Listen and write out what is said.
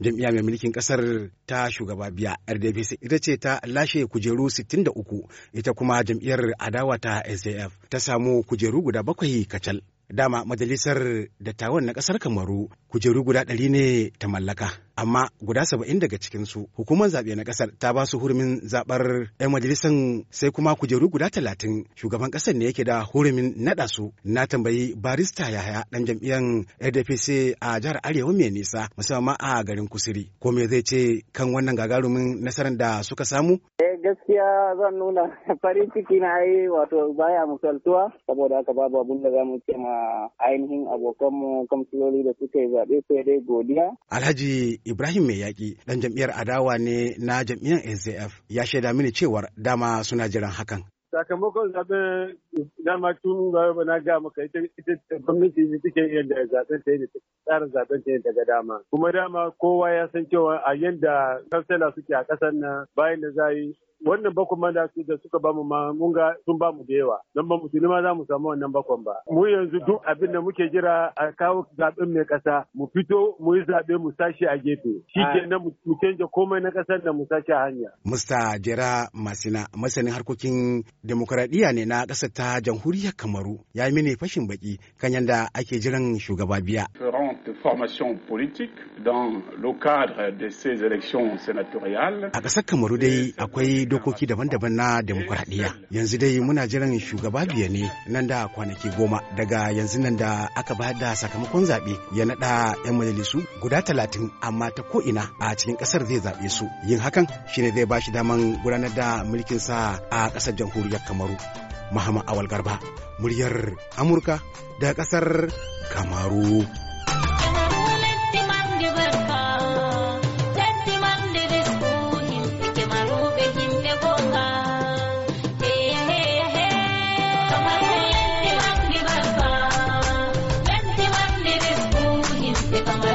jam'iyya mai mulkin kasar ta shugaba biya rdpc ita ce ta lashe kujeru 63 ita kuma jam'iyyar adawa ta sdf ta samu kujeru guda bakwai kacal dama majalisar dattawan na kasar kamaru kujeru guda ɗari ne ta mallaka amma guda saba'in daga cikinsu hukumar zaɓe na ƙasar ta ba su hurumin zaɓar 'yan majalisan sai kuma kujeru guda talatin shugaban ƙasar ne yake da hurumin naɗa su na tambayi barista yahaya ɗan jam'iyyar adpc a jihar arewa mai nisa musamman a garin Kusiri, ko me zai ce kan wannan gagarumin nasarar da suka samu. Eh, gaskiya zan nuna farin ciki na yi wato baya misaltuwa saboda haka babu abin da za mu ce ma ainihin abokanmu kamfiloli da suka yi zaɓe sai dai godiya. Alhaji Ibrahim mai yaƙi ɗan jam'iyyar adawa ne na jam'iyyar SJF ya shaida mini cewar dama suna jiran hakan. sakamakon zaben dama tun ba na ga maka ita gwamnati ne take yadda zaben ta yi tsarin zaben ta yi daga dama kuma dama kowa ya san cewa a yadda kansala suke a kasar nan bayan da za yi wannan bakon ma da su da suka bamu ma mun ga sun bamu da yawa don ba musulmi ma za mu samu wannan bakon ba mu yanzu duk abin da muke jira a kawo zaben mai kasa mu fito mu yi zabe mu sashi a gefe shi kenan mu canja komai na kasar da mu sashi a hanya Mr. Jera Masina masanin harkokin demokradiyya ne na kasar ta jamhuriyar Kamaru ya yi mini fashin baki kan yadda ake jiran shugaba biya différentes formations politiques dans le cadre de ces élections sénatoriales. A ƙasar Kamaru dai akwai dokoki daban-daban na demokuraɗiyya. Yanzu dai muna jiran shugaba biya ne nan da kwanaki goma daga yanzu nan da aka ba da sakamakon zaɓe ya naɗa 'yan majalisu guda talatin amma ta ko'ina a cikin ƙasar zai zaɓe su. Yin hakan shine zai ba shi daman gudanar da mulkin sa a ƙasar jamhuriyar Kamaru. Mahama Awal Garba, muryar Amurka da ƙasar Kamaru. If i my.